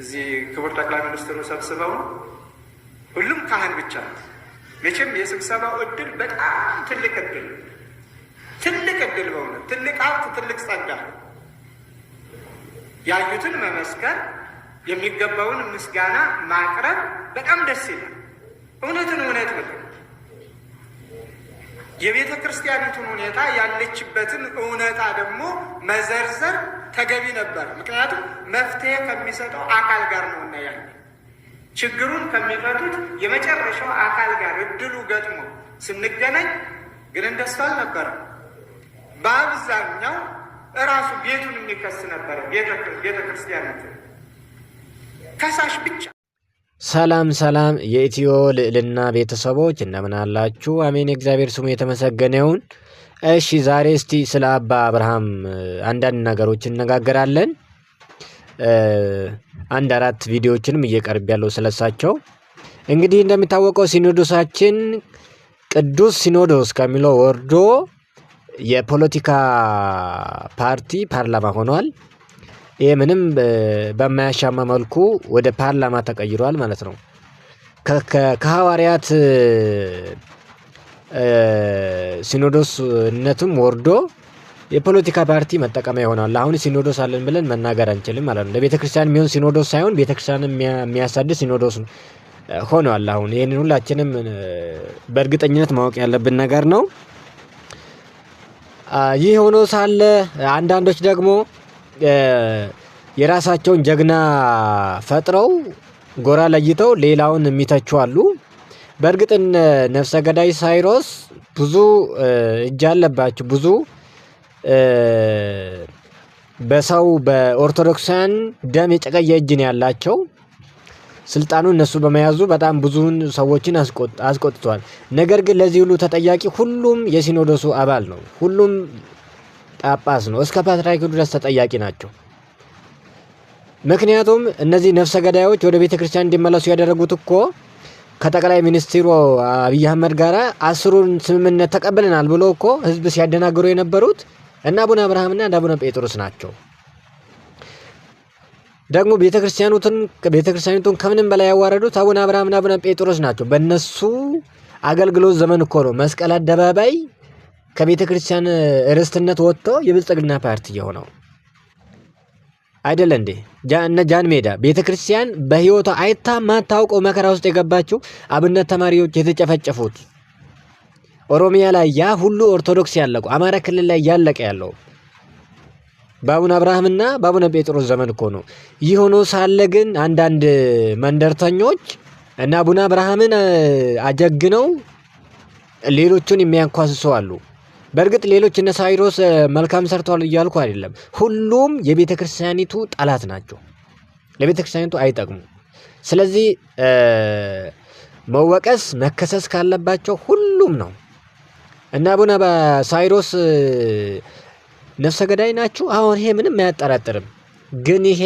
እዚህ ክቡር ጠቅላይ ሚኒስትሩ ሰብስበው ሁሉም ካህን ብቻ መቼም የስብሰባው እድል በጣም ትልቅ እድል ትልቅ እድል በሆነ ትልቅ ሀብት ትልቅ ጸጋ ያዩትን መመስከር የሚገባውን ምስጋና ማቅረብ በጣም ደስ ይላል። እውነትን እውነት ነው። የቤተ ክርስቲያኒቱን ሁኔታ ያለችበትን እውነታ ደግሞ መዘርዘር ተገቢ ነበረ። ምክንያቱም መፍትሄ ከሚሰጠው አካል ጋር ነው እና ያለ ችግሩን ከሚፈቱት የመጨረሻው አካል ጋር እድሉ ገጥሞ ስንገናኝ ግን እንደሱ አልነበረም። በአብዛኛው እራሱ ቤቱን የሚከስ ነበረ። ቤተ ከሳሽ ብቻ። ሰላም ሰላም፣ የኢትዮ ልዕልና ቤተሰቦች እንደምን አላችሁ? አሜን። የእግዚአብሔር ስሙ የተመሰገነውን እሺ ዛሬ እስቲ ስለ አባ አብርሃም አንዳንድ ነገሮች እነጋገራለን። አንድ አራት ቪዲዮዎችንም ያለው ስለሳቸው። እንግዲህ እንደሚታወቀው ሲኖዶሳችን ቅዱስ ሲኖዶስ ከሚለው ወርዶ የፖለቲካ ፓርቲ ፓርላማ ሆኗል። ይህ ምንም በማያሻማ መልኩ ወደ ፓርላማ ተቀይሯል ማለት ነው። ከሐዋርያት ሲኖዶስነትም ወርዶ የፖለቲካ ፓርቲ መጠቀሚያ ይሆናል። አሁን ሲኖዶስ አለን ብለን መናገር አንችልም ማለት ነው። ለቤተ ክርስቲያን የሚሆን ሲኖዶስ ሳይሆን ቤተ ክርስቲያን የሚያሳድስ ሲኖዶስ ሆኗል። አሁን ይህንን ሁላችንም በእርግጠኝነት ማወቅ ያለብን ነገር ነው። ይህ ሆኖ ሳለ አንዳንዶች ደግሞ የራሳቸውን ጀግና ፈጥረው ጎራ ለይተው ሌላውን የሚተቹ አሉ። በእርግጥን ነፍሰ ገዳይ ሳይሮስ ብዙ እጅ አለባቸው። ብዙ በሰው በኦርቶዶክሳውያን ደም የጨቀየ እጅ ነው ያላቸው። ስልጣኑ እነሱ በመያዙ በጣም ብዙውን ሰዎችን አስቆጥቷል። ነገር ግን ለዚህ ሁሉ ተጠያቂ ሁሉም የሲኖዶሱ አባል ነው። ሁሉም ጳጳስ ነው። እስከ ፓትርያርኩ ድረስ ተጠያቂ ናቸው። ምክንያቱም እነዚህ ነፍሰ ገዳዮች ወደ ቤተ ክርስቲያን እንዲመለሱ ያደረጉት እኮ ከጠቅላይ ሚኒስትሩ አብይ አህመድ ጋር አስሩን ስምምነት ተቀብለናል ብሎ እኮ ህዝብ ሲያደናግሩ የነበሩት እና አቡነ አብርሃምና እንደ አቡነ ጴጥሮስ ናቸው። ደግሞ ቤተክርስቲያኒቱን ከምንም በላይ ያዋረዱት አቡነ አብርሃምና አቡነ ጴጥሮስ ናቸው። በእነሱ አገልግሎት ዘመን እኮ ነው መስቀል አደባባይ ከቤተክርስቲያን ርስትነት ወጥቶ የብልጽግና ፓርቲ የሆነው። አይደለ እንዴ? እነ ጃን ሜዳ ቤተ ክርስቲያን በህይወቷ አይታ ማታውቀው መከራ ውስጥ የገባችው አብነት ተማሪዎች የተጨፈጨፉት ኦሮሚያ ላይ ያ ሁሉ ኦርቶዶክስ ያለቁ አማራ ክልል ላይ ያለቀ ያለው በአቡነ አብርሃምና በአቡነ ጴጥሮስ ዘመን እኮ ነው። ይህ ሆኖ ሳለ ግን አንዳንድ መንደርተኞች እና አቡነ አብርሃምን አጀግነው ሌሎቹን የሚያንኳስሱ አሉ። በእርግጥ ሌሎች እነ ሳይሮስ መልካም ሰርተዋል እያልኩ አይደለም። ሁሉም የቤተ ክርስቲያኒቱ ጠላት ናቸው። ለቤተ ክርስቲያኒቱ አይጠቅሙም። ስለዚህ መወቀስ መከሰስ ካለባቸው ሁሉም ነው እና አቡነ ሳይሮስ ነፍሰ ገዳይ ናችሁ። አሁን ይሄ ምንም አያጠራጥርም። ግን ይሄ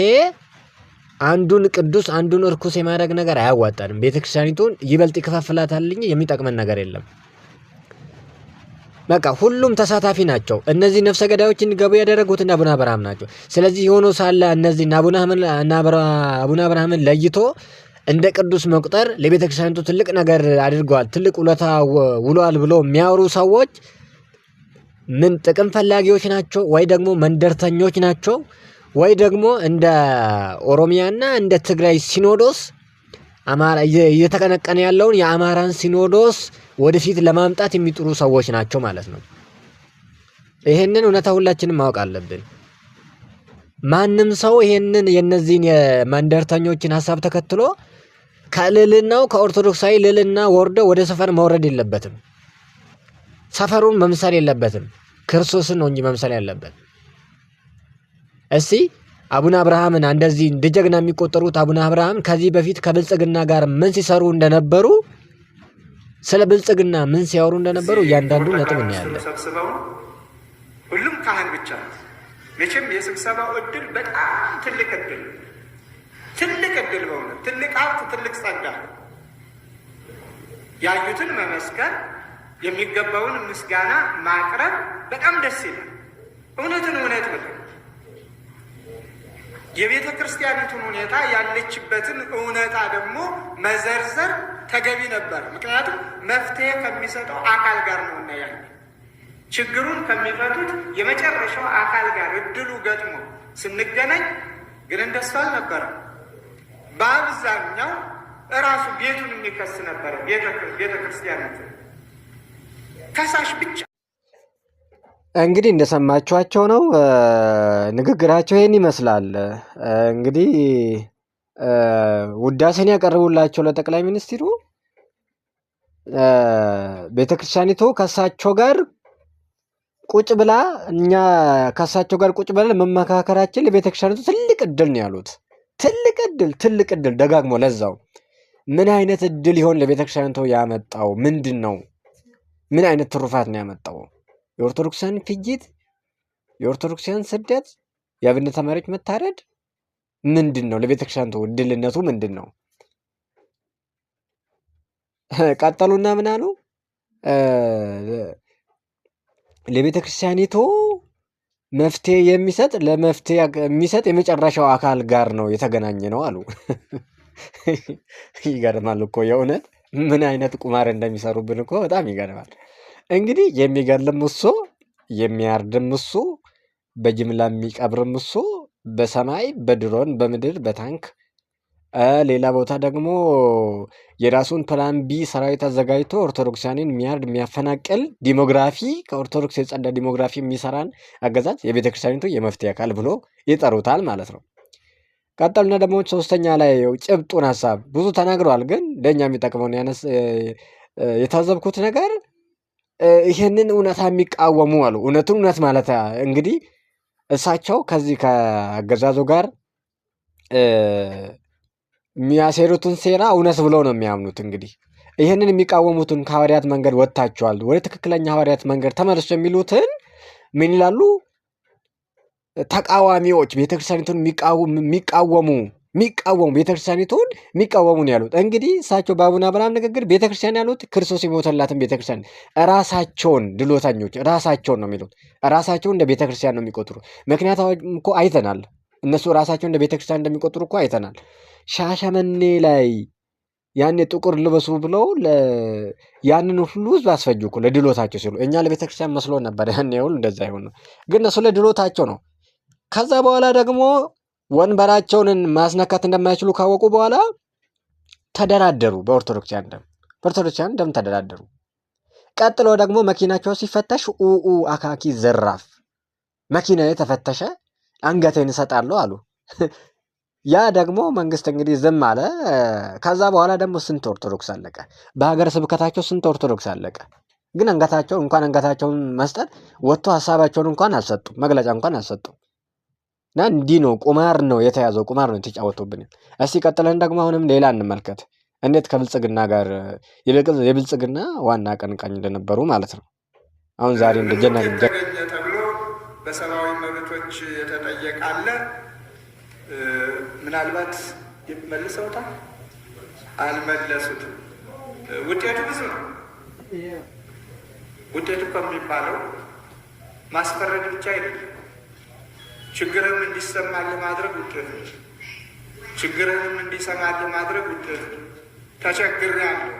አንዱን ቅዱስ አንዱን እርኩስ የማድረግ ነገር አያዋጣንም። ቤተክርስቲያኒቱን ይበልጥ ይከፋፍላታልኝ የሚጠቅመን ነገር የለም። በቃ ሁሉም ተሳታፊ ናቸው። እነዚህ ነፍሰ ገዳዮች እንዲገቡ ያደረጉትና አቡነ አብርሃም ናቸው። ስለዚህ የሆኖ ሳለ እነዚህ አቡነ አብርሃምን ለይቶ እንደ ቅዱስ መቁጠር ለቤተ ክርስቲያኒቱ ትልቅ ነገር አድርገዋል፣ ትልቅ ውለታ ውሏል ብሎ የሚያወሩ ሰዎች ምን ጥቅም ፈላጊዎች ናቸው ወይ ደግሞ መንደርተኞች ናቸው ወይ ደግሞ እንደ ኦሮሚያና እንደ ትግራይ ሲኖዶስ እየተቀነቀነ ያለውን የአማራን ሲኖዶስ ወደፊት ለማምጣት የሚጥሩ ሰዎች ናቸው ማለት ነው። ይህንን እውነታ ሁላችንም ማወቅ አለብን። ማንም ሰው ይህንን የነዚህን የመንደርተኞችን ሀሳብ ተከትሎ ከልልናው ከኦርቶዶክሳዊ ልልና ወርዶ ወደ ሰፈር መውረድ የለበትም። ሰፈሩን መምሰል የለበትም። ክርስቶስን ነው እንጂ መምሰል ያለበት። እስቲ አቡነ አብርሃምን እንደዚህ እንደ ጀግና የሚቆጠሩት አቡነ አብርሃም ከዚህ በፊት ከብልጽግና ጋር ምን ሲሰሩ እንደነበሩ ስለ ብልጽግና ምን ሲያወሩ እንደነበሩ እያንዳንዱ ነጥብ እናያለን። ሁሉም ካህን ብቻ መቼም የስብሰባው እድል በጣም ትልቅ እድል ትልቅ እድል በእውነት ትልቅ ሀብት፣ ትልቅ ጸጋ ያዩትን መመስከር የሚገባውን ምስጋና ማቅረብ በጣም ደስ ይላል። እውነትን እውነት ብለው የቤተ ክርስቲያኒቱን ሁኔታ ያለችበትን እውነታ ደግሞ መዘርዘር ተገቢ ነበር። ምክንያቱም መፍትሄ ከሚሰጠው አካል ጋር ነው እና ያለ ችግሩን ከሚፈቱት የመጨረሻው አካል ጋር እድሉ ገጥሞ ስንገናኝ ግን እንደሱ አልነበረም። በአብዛኛው እራሱ ቤቱን የሚከስ ነበረ ቤተ ክርስቲያኒቱ ከሳሽ ብቻ እንግዲህ እንደሰማችኋቸው ነው ንግግራቸው ይህን ይመስላል። እንግዲህ ውዳሴን ያቀርቡላቸው ለጠቅላይ ሚኒስትሩ ቤተክርስቲያኒቱ ከሳቸው ጋር ቁጭ ብላ እኛ ከሳቸው ጋር ቁጭ ብላ መመካከራችን ለቤተክርስቲያኒቱ ትልቅ እድል ነው ያሉት። ትልቅ እድል ትልቅ እድል ደጋግሞ ለዛው ምን አይነት እድል ይሆን ለቤተክርስቲያኒቱ ያመጣው? ምንድን ነው ምን አይነት ትሩፋት ነው ያመጣው? የኦርቶዶክሳን ፍጅት፣ የኦርቶዶክሳን ስደት፣ የአብነት ተማሪዎች መታረድ ምንድን ነው? ለቤተክርስቲያን ድልነቱ ምንድን ነው? ቀጠሉና ምን አሉ? ለቤተ ክርስቲያኒቱ መፍትሄ የሚሰጥ ለመፍትሄ የሚሰጥ የመጨረሻው አካል ጋር ነው የተገናኘ ነው አሉ። ይገርማል እኮ የእውነት ምን አይነት ቁማር እንደሚሰሩብን እኮ በጣም ይገርማል። እንግዲህ የሚገልም እሱ የሚያርድም እሱ በጅምላ የሚቀብርም እሱ በሰማይ በድሮን በምድር በታንክ ሌላ ቦታ ደግሞ የራሱን ፕላን ቢ ሰራዊት አዘጋጅቶ ኦርቶዶክሳንን የሚያርድ የሚያፈናቅል ዲሞግራፊ ከኦርቶዶክስ የጸዳ ዲሞግራፊ የሚሰራን አገዛዝ የቤተ ክርስቲያኒቱ የመፍትሄ አካል ብሎ ይጠሩታል ማለት ነው። ቀጠሉና ደግሞ ሶስተኛ ላይ ጭብጡን ሀሳብ ብዙ ተናግረዋል። ግን ለእኛ የሚጠቅመውን ያነስ የታዘብኩት ነገር ይሄንን እውነታ የሚቃወሙ አሉ። እውነቱን እውነት ማለት እንግዲህ እሳቸው ከዚህ ከአገዛዙ ጋር የሚያሴሩትን ሴራ እውነት ብለው ነው የሚያምኑት። እንግዲህ ይህንን የሚቃወሙትን ከሐዋርያት መንገድ ወጥታችኋል፣ ወደ ትክክለኛ ሐዋርያት መንገድ ተመልሶ የሚሉትን ምን ይላሉ? ተቃዋሚዎች ቤተክርስቲያኒቱን የሚቃወሙ የሚቃወሙ ቤተክርስቲያኒቱን የሚቃወሙ ነው ያሉት። እንግዲህ እሳቸው በአቡነ አብርሃም ንግግር ቤተክርስቲያን ያሉት ክርስቶስ የሞተላትን ቤተክርስቲያን ራሳቸውን ድሎተኞች ራሳቸውን ነው የሚሉት። ራሳቸውን እንደ ቤተክርስቲያን ነው የሚቆጥሩ። ምክንያቱም እኮ አይተናል፣ እነሱ ራሳቸውን እንደ ቤተክርስቲያን እንደሚቆጥሩ እኮ አይተናል። ሻሸመኔ ላይ ያኔ ጥቁር ልበሱ ብለው ያንን ሁሉ ህዝብ አስፈጁ እኮ ለድሎታቸው ሲሉ። እኛ ለቤተክርስቲያን መስሎ ነበር ያኔ ሁሉ እንደዛ ይሆን፣ ግን እነሱ ለድሎታቸው ነው። ከዛ በኋላ ደግሞ ወንበራቸውን ማስነካት እንደማይችሉ ካወቁ በኋላ ተደራደሩ። በኦርቶዶክሲያን ደም በኦርቶዶክሲያን ደም ተደራደሩ። ቀጥሎ ደግሞ መኪናቸው ሲፈተሽ ኡኡ አካኪ ዘራፍ መኪና የተፈተሸ አንገቴን እሰጣለሁ አሉ። ያ ደግሞ መንግስት እንግዲህ ዝም አለ። ከዛ በኋላ ደግሞ ስንት ኦርቶዶክስ አለቀ። በሀገረ ስብከታቸው ስንት ኦርቶዶክስ አለቀ። ግን አንገታቸው እንኳን አንገታቸውን መስጠት ወጥቶ ሀሳባቸውን እንኳን አልሰጡም፣ መግለጫ እንኳን አልሰጡም። እና እንዲህ ነው ቁማር ነው የተያዘው ቁማር ነው የተጫወተብን። እስቲ ቀጥለን ደግሞ አሁንም ሌላ እንመልከት። እንዴት ከብልጽግና ጋር የብልጽግና ዋና አቀንቃኝ እንደነበሩ ማለት ነው። አሁን ዛሬ እንደጀና ተብሎ በሰብአዊ መብቶች የተጠየቀ አለ። ምናልባት መልሰውታል፣ አልመለሱትም። ውጤቱ ብዙ ነው። ውጤቱ ከሚባለው ማስፈረድ ብቻ አይደለም ችግርህም እንዲሰማ ለማድረግ ውድህ ነው። ችግርህም እንዲሰማ ለማድረግ ውድህ ነው። ተቸግሬያለሁ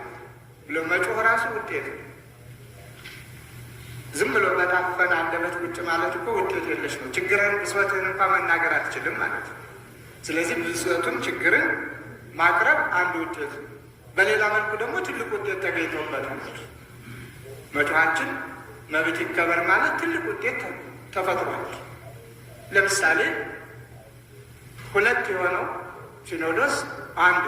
ብሎ መጮህ ራሱ ውጤት ነው። ዝም ብሎ በታፈን አንደበት ቁጭ ማለት እኮ ውጤት የለሽ ነው። ችግርን ብሶትህን እንኳ መናገር አትችልም ማለት ነው። ስለዚህ ብሶቱን ችግርን ማቅረብ አንድ ውጤት ነው። በሌላ መልኩ ደግሞ ትልቅ ውጤት ተገኝቶበታል። መጮሃችን መብት ይከበር ማለት ትልቅ ውጤት ተፈጥሯል። ለምሳሌ ሁለት የሆነው ሲኖዶስ አንድ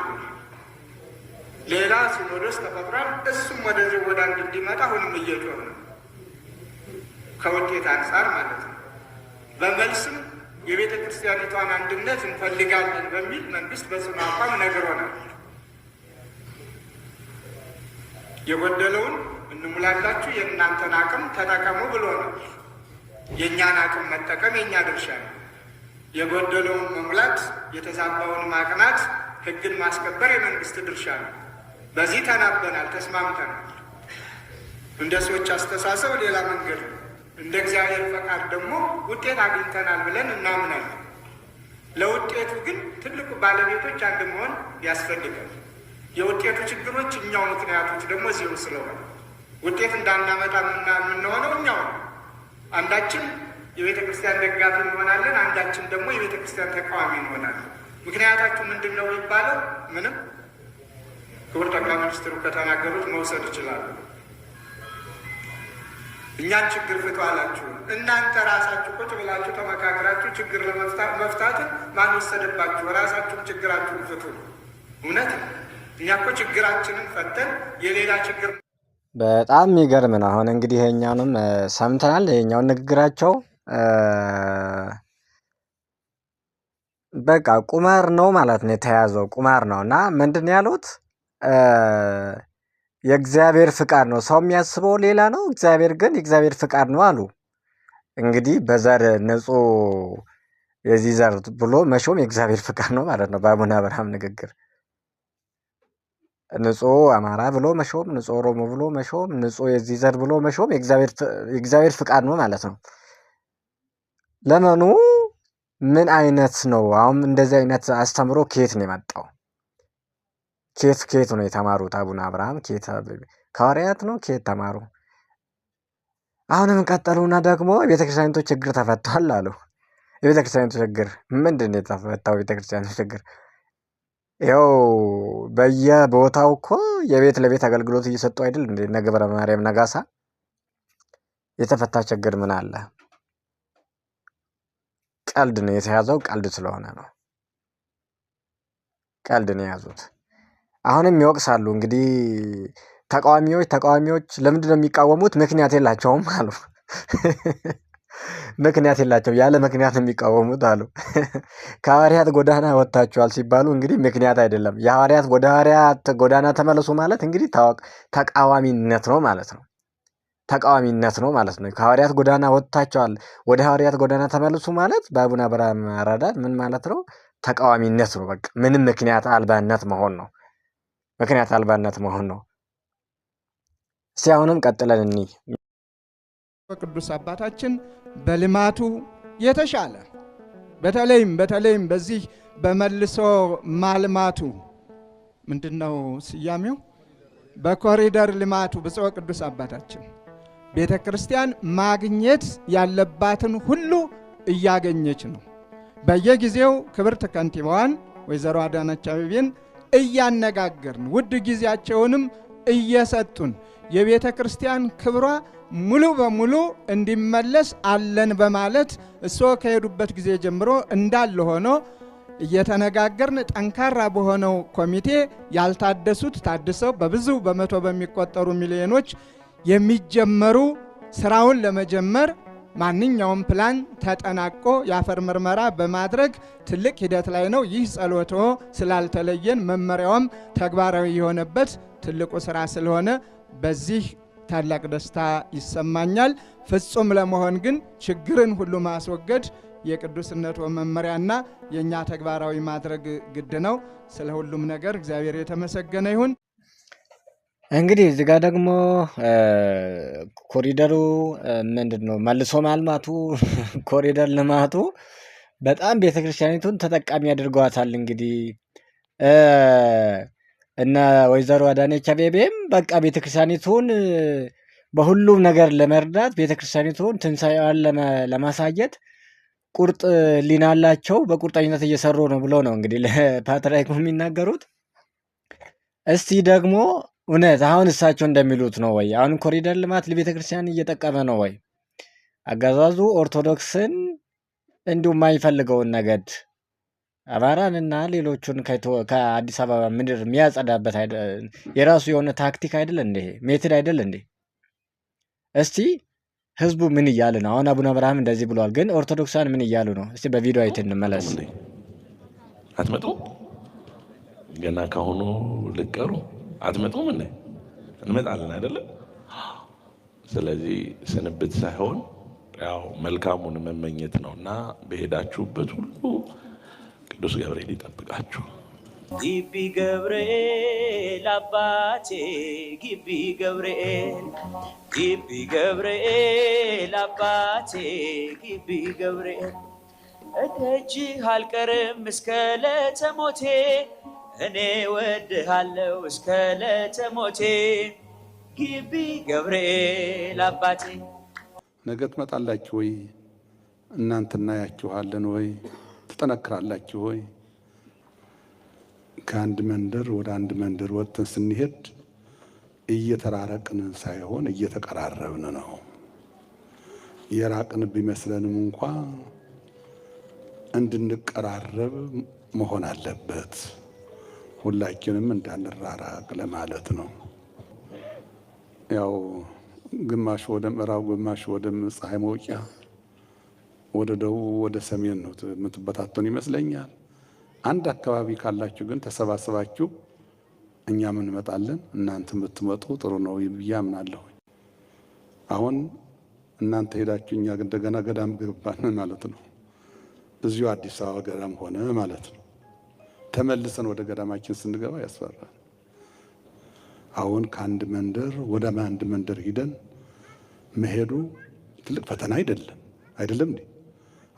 ሌላ ሲኖዶስ ተፈጥሯል። እሱም ወደዚህ ወደ አንድ እንዲመጣ አሁንም እየጮህ ነው፣ ከውጤት አንጻር ማለት ነው። በመልስም የቤተ ክርስቲያኒቷን አንድነት እንፈልጋለን በሚል መንግስት በጽኑ አቋም ነግሮናል። የጎደለውን እንሙላላችሁ፣ የእናንተን አቅም ተጠቀሙ ብሎ ነው። የእኛን አቅም መጠቀም የእኛ ድርሻ ነው። የጎደለውን መሙላት፣ የተዛባውን ማቅናት፣ ህግን ማስከበር የመንግስት ድርሻ ነው። በዚህ ተናበናል፣ ተስማምተናል። እንደ ሰዎች አስተሳሰብ ሌላ መንገድ ነው። እንደ እግዚአብሔር ፈቃድ ደግሞ ውጤት አግኝተናል ብለን እናምናለን። ለውጤቱ ግን ትልቁ ባለቤቶች አንድ መሆን ያስፈልጋል። የውጤቱ ችግሮች እኛው፣ ምክንያቶች ደግሞ እዚሁ ስለሆነ ውጤት እንዳናመጣ የምንሆነው እኛው ነው። አንዳችን የቤተ ክርስቲያን ደጋፊ እንሆናለን፣ አንዳችን ደግሞ የቤተ ክርስቲያን ተቃዋሚ እንሆናለን። ምክንያታችሁ ምንድን ነው የሚባለው? ምንም ክቡር ጠቅላይ ሚኒስትሩ ከተናገሩት መውሰድ ይችላሉ። እኛን ችግር ፍቱ አላችሁ። እናንተ ራሳችሁ ቁጭ ብላችሁ ተመካክራችሁ ችግር ለመፍታት መፍታትን ማን ወሰደባችሁ? ራሳችሁም ችግራችሁን ፍቱ። እውነት እኛ እኮ ችግራችንን ፈተን የሌላ ችግር በጣም የሚገርም ነው። አሁን እንግዲህ ይሄኛውንም ሰምተናል ይሄኛውን ንግግራቸው በቃ ቁማር ነው ማለት ነው የተያዘው ቁማር ነው እና ምንድን ያሉት የእግዚአብሔር ፍቃድ ነው ሰው የሚያስበው ሌላ ነው፣ እግዚአብሔር ግን የእግዚአብሔር ፍቃድ ነው አሉ። እንግዲህ በዘር ንጹሕ የዚህ ዘር ብሎ መሾም የእግዚአብሔር ፍቃድ ነው ማለት ነው በአቡነ አብርሃም ንግግር ንጹህ አማራ ብሎ መሾም፣ ንጹህ ኦሮሞ ብሎ መሾም፣ ንጹህ የዚህ ዘር ብሎ መሾም የእግዚአብሔር ፍቃድ ነው ማለት ነው። ለመኑ ምን አይነት ነው? አሁን እንደዚህ አይነት አስተምሮ ኬት ነው የመጣው? ኬት ኬት ነው የተማሩት? አቡነ አብርሃም ኬት ከሐዋርያት ነው ኬት ተማሩ? አሁንም ቀጠሉና ደግሞ የቤተክርስቲያኒቱ ችግር ተፈቷል አሉ። የቤተክርስቲያኒቱ ችግር ምንድን ነው የተፈታው? የቤተክርስቲያኒቱ ችግር ያው በየቦታው እኮ የቤት ለቤት አገልግሎት እየሰጡ አይደል እንደ እነ ገብረ ማርያም ነጋሳ የተፈታ ችግር ምን አለ? ቀልድ ነው የተያዘው። ቀልድ ስለሆነ ነው ቀልድ ነው የያዙት። አሁንም ይወቅሳሉ። እንግዲህ ተቃዋሚዎች ተቃዋሚዎች ለምንድን ነው የሚቃወሙት? ምክንያት የላቸውም አሉ። ምክንያት የላቸው ያለ ምክንያት ነው የሚቃወሙት አሉ። ከሐዋርያት ጎዳና ወጥታችኋል ሲባሉ እንግዲህ ምክንያት አይደለም። የሐዋርያት ወደ ሐዋርያት ጎዳና ተመለሱ ማለት እንግዲህ ተቃዋሚነት ነው ማለት ነው። ተቃዋሚነት ነው ማለት ነው። ከሐዋርያት ጎዳና ወጥታችኋል፣ ወደ ሐዋርያት ጎዳና ተመልሱ ማለት በአቡነ አብርሃም አራዳድ ምን ማለት ነው? ተቃዋሚነት ነው። በቃ ምንም ምክንያት አልባነት መሆን ነው። ምክንያት አልባነት መሆን ነው። እስቲ አሁንም ቀጥለን እኒ በቅዱስ አባታችን በልማቱ የተሻለ በተለይም በተለይም በዚህ በመልሶ ማልማቱ ምንድን ነው ስያሜው? በኮሪደር ልማቱ ብፁዕ ወቅዱስ አባታችን ቤተ ክርስቲያን ማግኘት ያለባትን ሁሉ እያገኘች ነው። በየጊዜው ክብርት ከንቲባዋን ወይዘሮ አዳነች አቤቤን እያነጋገርን ውድ ጊዜያቸውንም እየሰጡን የቤተ ክርስቲያን ክብሯ ሙሉ በሙሉ እንዲመለስ አለን በማለት እሶ ከሄዱበት ጊዜ ጀምሮ እንዳለ ሆኖ እየተነጋገርን ጠንካራ በሆነው ኮሚቴ ያልታደሱት ታድሰው በብዙ በመቶ በሚቆጠሩ ሚሊዮኖች የሚጀመሩ ስራውን ለመጀመር ማንኛውም ፕላን ተጠናቆ የአፈር ምርመራ በማድረግ ትልቅ ሂደት ላይ ነው። ይህ ጸሎቶ ስላልተለየን መመሪያውም ተግባራዊ የሆነበት ትልቁ ስራ ስለሆነ በዚህ ታላቅ ደስታ ይሰማኛል። ፍጹም ለመሆን ግን ችግርን ሁሉ ማስወገድ የቅዱስነቱ መመሪያና የእኛ ተግባራዊ ማድረግ ግድ ነው። ስለ ሁሉም ነገር እግዚአብሔር የተመሰገነ ይሁን። እንግዲህ እዚህ ጋር ደግሞ ኮሪደሩ ምንድን ነው መልሶ ማልማቱ ኮሪደር ልማቱ በጣም ቤተክርስቲያኒቱን ተጠቃሚ ያደርገዋታል እንግዲህ እነ ወይዘሮ አዳነች አቤቤም በቃ ቤተክርስቲያኒቱን በሁሉም ነገር ለመርዳት ቤተክርስቲያኒቱን ትንሳኤዋን ለማሳየት ቁርጥ ሊናላቸው በቁርጠኝነት እየሰሩ ነው ብሎ ነው እንግዲህ ለፓትርያርኩ የሚናገሩት። እስቲ ደግሞ እውነት አሁን እሳቸው እንደሚሉት ነው ወይ? አሁን ኮሪደር ልማት ለቤተክርስቲያን እየጠቀመ ነው ወይ? አገዛዙ ኦርቶዶክስን እንዲሁም የማይፈልገውን ነገድ አባራንና ሌሎቹን ከአዲስ አበባ ምድር የሚያጸዳበት የራሱ የሆነ ታክቲክ አይደለ እንዴ? ሜትድ አይደል እንዴ? እስቲ ህዝቡ ምን እያሉ ነው? አሁን አቡነ አብርሃም እንደዚህ ብሏል፣ ግን ኦርቶዶክሳን ምን እያሉ ነው? እስቲ በቪዲዮ አይት እንመለስ። አትመጡ ገና ከሆኑ ልቀሩ አትመጡ ምን እንመጣለን አይደለም። ስለዚህ ስንብት ሳይሆን ያው መልካሙን መመኘት ነው እና በሄዳችሁበት ሁሉ ቅዱስ ገብርኤል ይጠብቃችሁ። ግቢ ገብርኤል አባቴ ግቢ ገብርኤል ግቢ ገብርኤል አባቴ ግቢ ገብርኤል እደጅህ አልቀርም እስከ ዕለተ ሞቴ እኔ ወድሃለው እስከ ዕለተ ሞቴ ግቢ ገብርኤል አባቴ ነገ ትመጣላችሁ ወይ እናንተ እናያችኋለን ወይ ትጠነክራላችሁ ሆይ ከአንድ መንደር ወደ አንድ መንደር ወጥተን ስንሄድ እየተራረቅን ሳይሆን እየተቀራረብን ነው። የራቅን ቢመስለንም እንኳ እንድንቀራረብ መሆን አለበት። ሁላችንም እንዳንራራቅ ለማለት ነው። ያው ግማሽ ወደ ምዕራብ፣ ግማሽ ወደ ፀሐይ መውጫ ወደ ደቡብ ወደ ሰሜን ነው የምትበታተኑ ይመስለኛል። አንድ አካባቢ ካላችሁ ግን ተሰባስባችሁ እኛም እንመጣለን እናንተ የምትመጡ ጥሩ ነው ብዬ አምናለሁ። አሁን እናንተ ሄዳችሁ እኛ እንደገና ገዳም ገባን ማለት ነው። እዚሁ አዲስ አበባ ገዳም ሆነ ማለት ነው። ተመልሰን ወደ ገዳማችን ስንገባ ያስፈራል። አሁን ከአንድ መንደር ወደ አንድ መንደር ሂደን መሄዱ ትልቅ ፈተና አይደለም አይደለም እንዴ?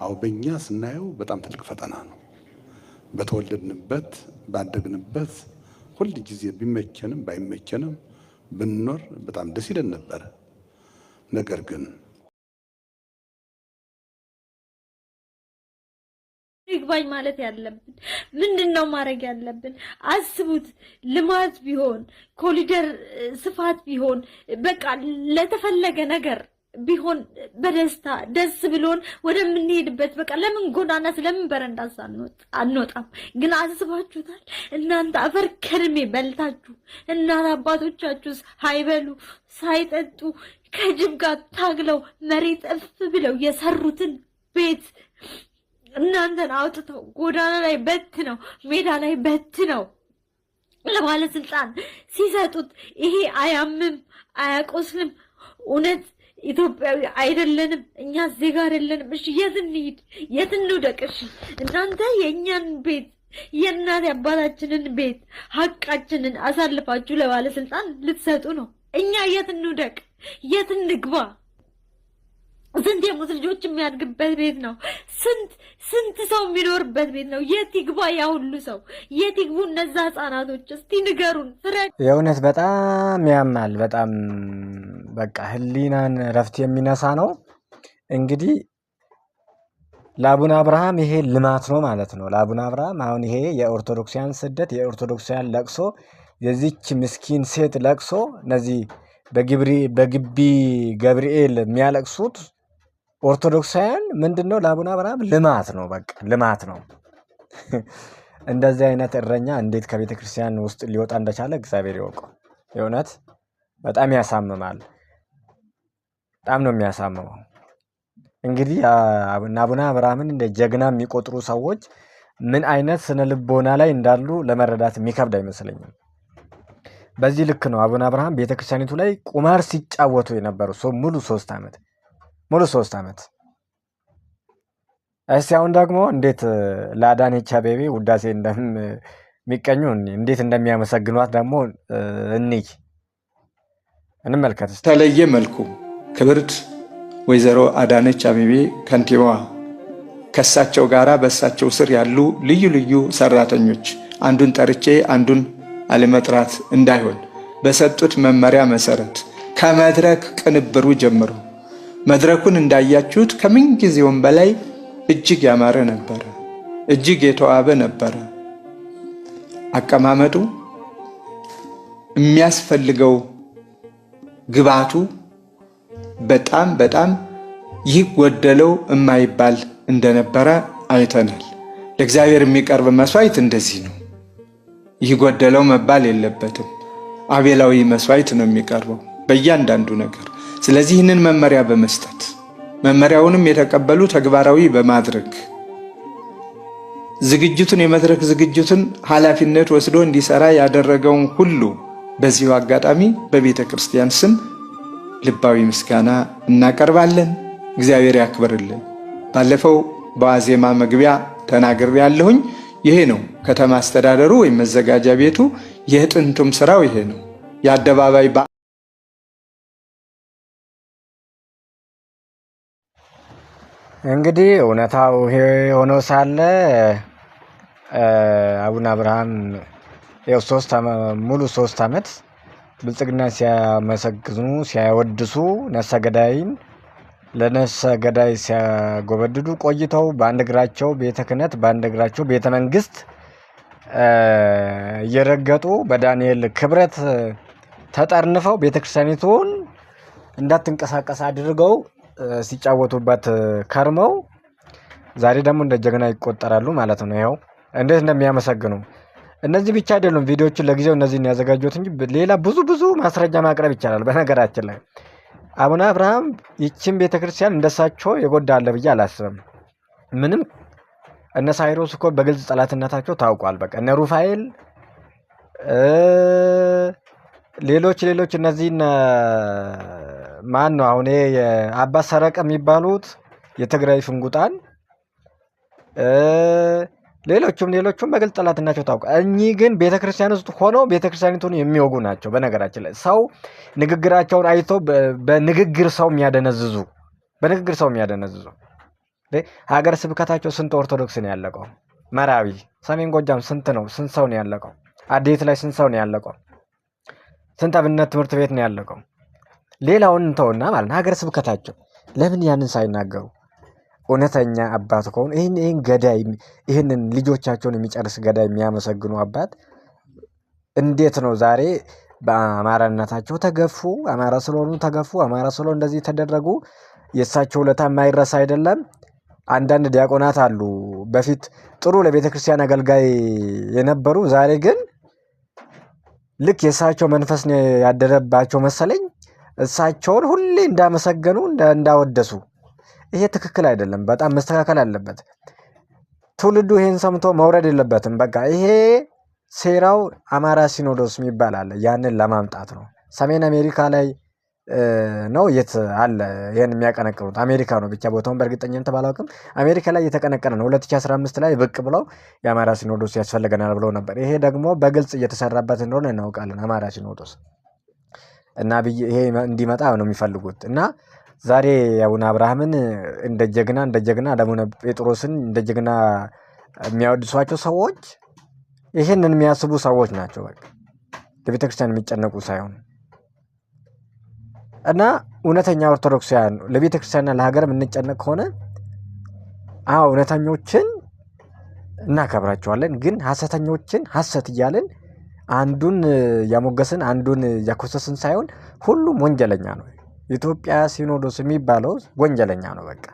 አሁ በእኛ ስናየው በጣም ትልቅ ፈተና ነው። በተወለድንበት ባደግንበት ሁል ጊዜ ቢመቸንም ባይመቸንም ብንኖር በጣም ደስ ይለን ነበረ። ነገር ግን ይግባኝ ማለት ያለብን ምንድን ነው? ማድረግ ያለብን አስቡት። ልማት ቢሆን ኮሊደር ስፋት ቢሆን በቃ ለተፈለገ ነገር ቢሆን በደስታ ደስ ብሎን ወደምንሄድበት በቃ ለምን ጎዳና ስለምን በረንዳ አንወጣም? ግን አስባችሁታል? እናንተ አፈር ከድሜ በልታችሁ እናት አባቶቻችሁ ሳይበሉ ሳይጠጡ ከጅብ ጋር ታግለው መሬት እፍ ብለው የሰሩትን ቤት እናንተን አውጥተው ጎዳና ላይ በት ነው ሜዳ ላይ በት ነው ለባለስልጣን ሲሰጡት ይሄ አያምም አያቆስልም እውነት ኢትዮጵያዊ አይደለንም። እኛ ዜጋ አይደለንም። እሺ የት እንሂድ? የት እንውደቅ? እሺ እናንተ የእኛን ቤት የእናት አባታችንን ቤት ሀቃችንን አሳልፋችሁ ለባለስልጣን ልትሰጡ ነው። እኛ የት እንውደቅ? የት እንግባ? ስንት የሙት ልጆች የሚያድግበት ቤት ነው። ስንት ስንት ሰው የሚኖርበት ቤት ነው። የት ይግባ ያ ሁሉ ሰው? የት ይግቡ እነዛ ህጻናቶች? እስቲ ንገሩን ፍረ የእውነት በጣም ያማል በጣም በቃ ህሊናን እረፍት የሚነሳ ነው። እንግዲህ ለአቡነ አብርሃም ይሄ ልማት ነው ማለት ነው። ለአቡነ አብርሃም አሁን ይሄ የኦርቶዶክሲያን ስደት፣ የኦርቶዶክሲያን ለቅሶ፣ የዚች ምስኪን ሴት ለቅሶ፣ እነዚህ በግቢ ገብርኤል የሚያለቅሱት ኦርቶዶክሳውያን ምንድን ነው? ለአቡነ አብርሃም ልማት ነው፣ በቃ ልማት ነው። እንደዚህ አይነት እረኛ እንዴት ከቤተ ክርስቲያን ውስጥ ሊወጣ እንደቻለ እግዚአብሔር ይወቀው። የእውነት በጣም ያሳምማል። በጣም ነው የሚያሳምመው። እንግዲህ አቡነ አብርሃምን እንደ ጀግና የሚቆጥሩ ሰዎች ምን አይነት ስነ ልቦና ላይ እንዳሉ ለመረዳት የሚከብድ አይመስለኝም። በዚህ ልክ ነው አቡነ አብርሃም ቤተክርስቲያኒቱ ላይ ቁማር ሲጫወቱ የነበሩ ሙሉ ሶስት ዓመት ሙሉ ሶስት ዓመት። እስቲ አሁን ደግሞ እንዴት ለአዳነች አቤቤ ውዳሴ እንደሚቀኙ እንዴት እንደሚያመሰግኗት ደግሞ እንይ፣ እንመልከት። ተለየ መልኩ ክብርት ወይዘሮ አዳነች አቤቤ ከንቲባዋ ከእሳቸው ጋር በእሳቸው ስር ያሉ ልዩ ልዩ ሰራተኞች አንዱን ጠርቼ አንዱን አለመጥራት እንዳይሆን በሰጡት መመሪያ መሰረት ከመድረክ ቅንብሩ ጀምሮ መድረኩን እንዳያችሁት ከምንጊዜውም በላይ እጅግ ያማረ ነበረ፣ እጅግ የተዋበ ነበረ። አቀማመጡ የሚያስፈልገው ግብአቱ በጣም በጣም ይህ ጎደለው የማይባል እንደነበረ አይተናል። ለእግዚአብሔር የሚቀርብ መስዋዕት እንደዚህ ነው። ይህ ጎደለው መባል የለበትም። አቤላዊ መስዋዕት ነው የሚቀርበው በእያንዳንዱ ነገር። ስለዚህ ይህንን መመሪያ በመስጠት መመሪያውንም የተቀበሉ ተግባራዊ በማድረግ ዝግጅቱን የመድረክ ዝግጅቱን ኃላፊነት ወስዶ እንዲሰራ ያደረገውን ሁሉ በዚሁ አጋጣሚ በቤተ ክርስቲያን ስም ልባዊ ምስጋና እናቀርባለን። እግዚአብሔር ያክብርልን። ባለፈው በዋዜማ መግቢያ ተናግር ያለሁኝ ይሄ ነው። ከተማ አስተዳደሩ ወይም መዘጋጃ ቤቱ የጥንቱም ስራው ይሄ ነው። የአደባባይ እንግዲህ እውነታው ሆኖ ሳለ አቡነ አብርሃም ሶስት ሙሉ ሶስት ዓመት ብልጽግና ሲያመሰግኑ ሲያወድሱ ነፍሰ ገዳይን ለነፍሰ ገዳይ ሲያጎበድዱ ቆይተው በአንድ እግራቸው ቤተ ክህነት በአንድ እግራቸው ቤተ መንግስት እየረገጡ በዳንኤል ክብረት ተጠርንፈው ቤተክርስቲያኒቱን እንዳትንቀሳቀስ አድርገው ሲጫወቱበት ከርመው ዛሬ ደግሞ እንደ ጀግና ይቆጠራሉ ማለት ነው። ይኸው እንዴት እንደሚያመሰግኑ እነዚህ ብቻ አይደሉም ቪዲዮዎችን ለጊዜው እነዚህን ያዘጋጁት እንጂ ሌላ ብዙ ብዙ ማስረጃ ማቅረብ ይቻላል። በነገራችን ላይ አቡነ አብርሃም ይችን ቤተክርስቲያን እንደሳቸው የጎዳ አለ ብዬ አላስብም። ምንም እነ ሳይሮስ እኮ በግልጽ ጠላትነታቸው ታውቋል። በቃ እነ ሩፋኤል ሌሎች ሌሎች እነዚህ ማን ነው አሁን የአባት ሰረቀ የሚባሉት የትግራይ ሽንጉጣን ሌሎቹም ሌሎቹም በግልጽ ጠላትናቸው ታውቀ እኚህ ግን ቤተክርስቲያን ውስጥ ሆነው ቤተክርስቲያኒቱን የሚወጉ ናቸው። በነገራችን ላይ ሰው ንግግራቸውን አይቶ በንግግር ሰው የሚያደነዝዙ በንግግር ሰው የሚያደነዝዙ ሀገር ስብከታቸው ስንት ኦርቶዶክስ ነው ያለቀው? መራዊ፣ ሰሜን ጎጃም ስንት ነው ስንት ሰው ነው ያለቀው? አዴት ላይ ስንት ሰው ነው ያለቀው? ስንት አብነት ትምህርት ቤት ነው ያለቀው? ሌላውን እንተውና ማለት ሀገር ስብከታቸው ለምን ያንን ሳይናገሩ እውነተኛ አባት ከሆኑ ይህን ይህን ገዳይ ይህንን ልጆቻቸውን የሚጨርስ ገዳይ የሚያመሰግኑ አባት እንዴት ነው ዛሬ በአማራነታቸው ተገፉ፣ አማራ ስለሆኑ ተገፉ፣ አማራ ስለሆኑ እንደዚህ ተደረጉ። የእሳቸው ውለታ የማይረሳ አይደለም። አንዳንድ ዲያቆናት አሉ በፊት ጥሩ ለቤተ ክርስቲያን አገልጋይ የነበሩ ዛሬ ግን ልክ የእሳቸው መንፈስ ያደረባቸው መሰለኝ እሳቸውን ሁሌ እንዳመሰገኑ እንዳወደሱ ይሄ ትክክል አይደለም። በጣም መስተካከል አለበት። ትውልዱ ይሄን ሰምቶ መውረድ የለበትም። በቃ ይሄ ሴራው አማራ ሲኖዶስ የሚባል አለ። ያንን ለማምጣት ነው። ሰሜን አሜሪካ ላይ ነው የት አለ ይህን የሚያቀነቅኑት? አሜሪካ ነው ብቻ ቦታውን በእርግጠኝነት ባላውቅም አሜሪካ ላይ የተቀነቀነ ነው። 2015 ላይ ብቅ ብለው የአማራ ሲኖዶስ ያስፈልገናል ብለው ነበር። ይሄ ደግሞ በግልጽ እየተሰራበት እንደሆነ እናውቃለን። አማራ ሲኖዶስ እና ይሄ እንዲመጣ ነው የሚፈልጉት እና ዛሬ አቡነ አብርሃምን እንደ ጀግና እንደ ጀግና አቡነ ጴጥሮስን እንደ ጀግና የሚያወድሷቸው ሰዎች ይህንን የሚያስቡ ሰዎች ናቸው። በቃ ለቤተ ክርስቲያን የሚጨነቁ ሳይሆኑ እና እውነተኛ ኦርቶዶክሳውያን ለቤተ ክርስቲያንና ለሀገር የምንጨነቅ ከሆነ አዎ እውነተኞችን እናከብራቸዋለን። ግን ሀሰተኞችን ሀሰት እያልን አንዱን እያሞገስን አንዱን እያኮሰስን ሳይሆን ሁሉም ወንጀለኛ ነው። ኢትዮጵያ ሲኖዶስ የሚባለው ወንጀለኛ ነው። በቃ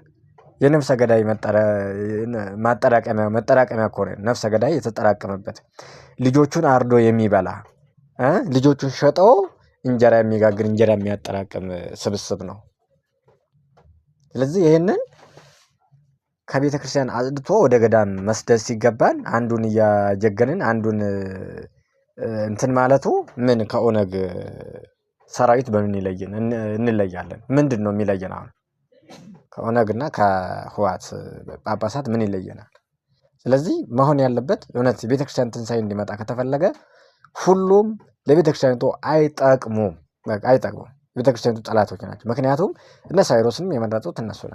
የነፍሰ ገዳይ ማጠራቀሚያ መጠራቀሚያ እኮ ነው። ነፍሰ ገዳይ የተጠራቀመበት ልጆቹን አርዶ የሚበላ ልጆቹን ሸጠው እንጀራ የሚጋግር እንጀራ የሚያጠራቅም ስብስብ ነው። ስለዚህ ይህንን ከቤተ ክርስቲያን አጽድቶ ወደ ገዳም መስደድ ሲገባን አንዱን እያጀገንን አንዱን እንትን ማለቱ ምን ከኦነግ ሰራዊት በምን እንለያለን? ምንድን ነው የሚለየን? አሁን ከኦነግና ከህዋት ጳጳሳት ምን ይለየናል? ስለዚህ መሆን ያለበት እውነት ቤተክርስቲያን ትንሳኤ እንዲመጣ ከተፈለገ ሁሉም ለቤተክርስቲያኒቱ አይጠቅሙም አይጠቅሙም። ቤተክርስቲያኒቱ ጠላቶች ናቸው። ምክንያቱም እነ ሳይሮስንም የመረጡት እነሱ ናቸው።